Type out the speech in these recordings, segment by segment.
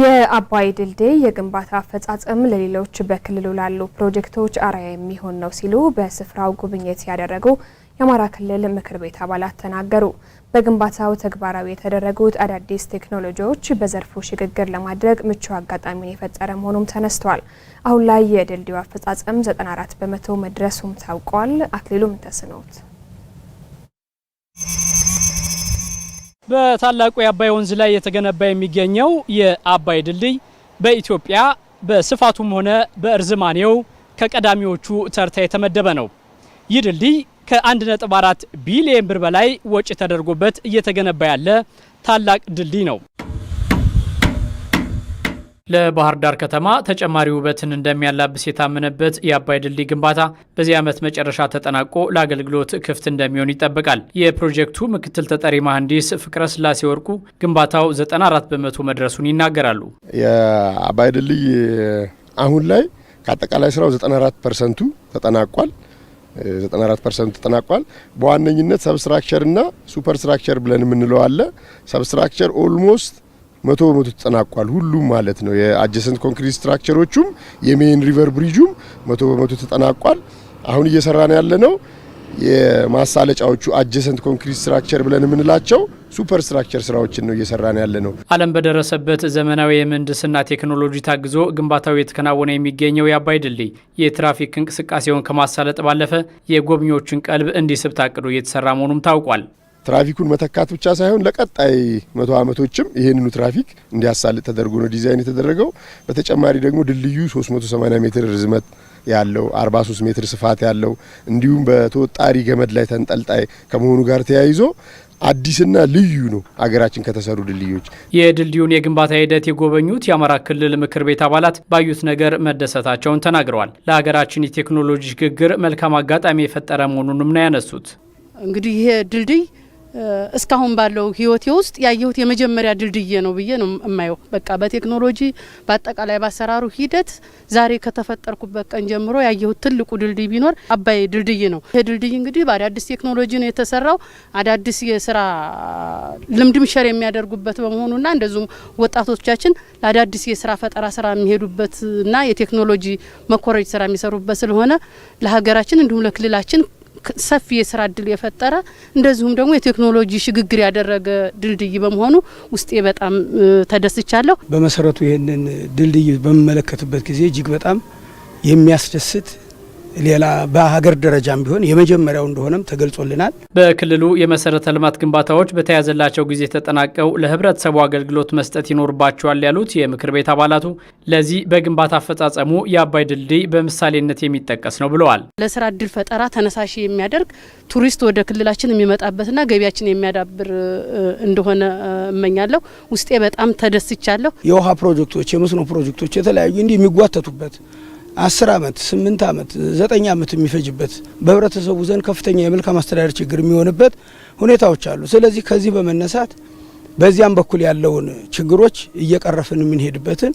የአባይ ድልድይ የግንባታ አፈጻጸም ለሌሎች በክልሉ ላሉ ፕሮጀክቶች አርአያ የሚሆን ነው ሲሉ በስፍራው ጉብኝት ያደረጉ የአማራ ክልል ምክር ቤት አባላት ተናገሩ። በግንባታው ተግባራዊ የተደረጉት አዳዲስ ቴክኖሎጂዎች በዘርፉ ሽግግር ለማድረግ ምቹ አጋጣሚን የፈጠረ መሆኑም ተነስቷል። አሁን ላይ የድልድዩ አፈጻጸም 94 በመቶ መድረሱም ታውቋል። አክሊሉም ተስኖት በታላቁ የአባይ ወንዝ ላይ የተገነባ የሚገኘው የአባይ ድልድይ በኢትዮጵያ በስፋቱም ሆነ በእርዝማኔው ከቀዳሚዎቹ ተርታ የተመደበ ነው። ይህ ድልድይ ከ1.4 ቢሊየን ብር በላይ ወጪ ተደርጎበት እየተገነባ ያለ ታላቅ ድልድይ ነው። ለባህር ዳር ከተማ ተጨማሪ ውበትን እንደሚያላብስ የታመነበት የአባይ ድልድይ ግንባታ በዚህ ዓመት መጨረሻ ተጠናቆ ለአገልግሎት ክፍት እንደሚሆን ይጠበቃል። የፕሮጀክቱ ምክትል ተጠሪ መሐንዲስ ፍቅረ ስላሴ ወርቁ ግንባታው 94 በመቶ መድረሱን ይናገራሉ። የአባይ ድልድይ አሁን ላይ ከአጠቃላይ ስራው 94 ፐርሰንቱ ተጠናቋል። 94 ፐርሰንት ተጠናቋል። በዋነኝነት ሰብስትራክቸርና ሱፐርስትራክቸር ብለን የምንለው አለ። ሰብስትራክቸር ኦልሞስት መቶ በመቶ ተጠናቋል ሁሉም ማለት ነው። የአጀሰንት ኮንክሪት ስትራክቸሮቹም የሜን ሪቨር ብሪጁም መቶ በመቶ ተጠናቋል። አሁን እየሰራን ያለ ነው የማሳለጫዎቹ አጀሰንት ኮንክሪት ስትራክቸር ብለን የምንላቸው ሱፐር ስትራክቸር ስራዎችን ነው እየሰራን ያለ ነው። ዓለም በደረሰበት ዘመናዊ የምህንድስና ቴክኖሎጂ ታግዞ ግንባታው የተከናወነ የሚገኘው የአባይ ድልድይ የትራፊክ እንቅስቃሴውን ከማሳለጥ ባለፈ የጎብኚዎችን ቀልብ እንዲስብ ታቅዶ እየተሰራ መሆኑም ታውቋል። ትራፊኩን መተካት ብቻ ሳይሆን ለቀጣይ መቶ ዓመቶችም ይህንኑ ትራፊክ እንዲያሳልጥ ተደርጎ ነው ዲዛይን የተደረገው። በተጨማሪ ደግሞ ድልድዩ 380 ሜትር ርዝመት ያለው 43 ሜትር ስፋት ያለው እንዲሁም በተወጣሪ ገመድ ላይ ተንጠልጣይ ከመሆኑ ጋር ተያይዞ አዲስና ልዩ ነው አገራችን ከተሰሩ ድልድዮች። የድልድዩን የግንባታ ሂደት የጎበኙት የአማራ ክልል ምክር ቤት አባላት ባዩት ነገር መደሰታቸውን ተናግረዋል። ለሀገራችን የቴክኖሎጂ ሽግግር መልካም አጋጣሚ የፈጠረ መሆኑንም ነው ያነሱት። እንግዲህ ይሄ ድልድይ እስካሁን ባለው ህይወቴ ውስጥ ያየሁት የመጀመሪያ ድልድዬ ነው ብዬ ነው የማየው። በቃ በቴክኖሎጂ በአጠቃላይ ባሰራሩ ሂደት ዛሬ ከተፈጠርኩበት ቀን ጀምሮ ያየሁት ትልቁ ድልድይ ቢኖር አባይ ድልድይ ነው። ይሄ ድልድይ እንግዲህ በአዳዲስ ቴክኖሎጂ ነው የተሰራው። አዳዲስ የስራ ልምድም ሸር የሚያደርጉበት በመሆኑና እንደዚሁም ወጣቶቻችን ለአዳዲስ የስራ ፈጠራ ስራ የሚሄዱበትና የቴክኖሎጂ መኮረጅ ስራ የሚሰሩበት ስለሆነ ለሀገራችን እንዲሁም ለክልላችን ሰፊ የስራ እድል የፈጠረ እንደዚሁም ደግሞ የቴክኖሎጂ ሽግግር ያደረገ ድልድይ በመሆኑ ውስጤ በጣም ተደስቻለሁ። በመሰረቱ ይህንን ድልድይ በምመለከትበት ጊዜ እጅግ በጣም የሚያስደስት ሌላ በሀገር ደረጃም ቢሆን የመጀመሪያው እንደሆነም ተገልጾልናል። በክልሉ የመሰረተ ልማት ግንባታዎች በተያዘላቸው ጊዜ ተጠናቀው ለህብረተሰቡ አገልግሎት መስጠት ይኖርባቸዋል ያሉት የምክር ቤት አባላቱ ለዚህ በግንባታ አፈጻጸሙ የአባይ ድልድይ በምሳሌነት የሚጠቀስ ነው ብለዋል። ለስራ እድል ፈጠራ ተነሳሽ የሚያደርግ ቱሪስት ወደ ክልላችን የሚመጣበትና ገቢያችን የሚያዳብር እንደሆነ እመኛለሁ። ውስጤ በጣም ተደስቻለሁ። የውሃ ፕሮጀክቶች፣ የመስኖ ፕሮጀክቶች የተለያዩ እንዲህ የሚጓተቱበት አስር ዓመት ስምንት ዓመት ዘጠኝ ዓመት የሚፈጅበት በህብረተሰቡ ዘንድ ከፍተኛ የመልካም አስተዳደር ችግር የሚሆንበት ሁኔታዎች አሉ። ስለዚህ ከዚህ በመነሳት በዚያም በኩል ያለውን ችግሮች እየቀረፍን የምንሄድበትን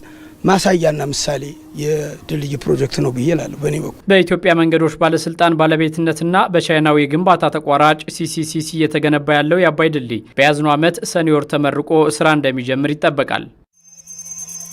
ማሳያና ምሳሌ የድልድይ ፕሮጀክት ነው ብዬ ላለሁ። በእኔ በኩል በኢትዮጵያ መንገዶች ባለስልጣን ባለቤትነትና በቻይናዊ ግንባታ ተቋራጭ ሲሲሲሲ እየተገነባ ያለው የአባይ ድልድይ በያዝነው ዓመት ሰኔ ወር ተመርቆ ስራ እንደሚጀምር ይጠበቃል።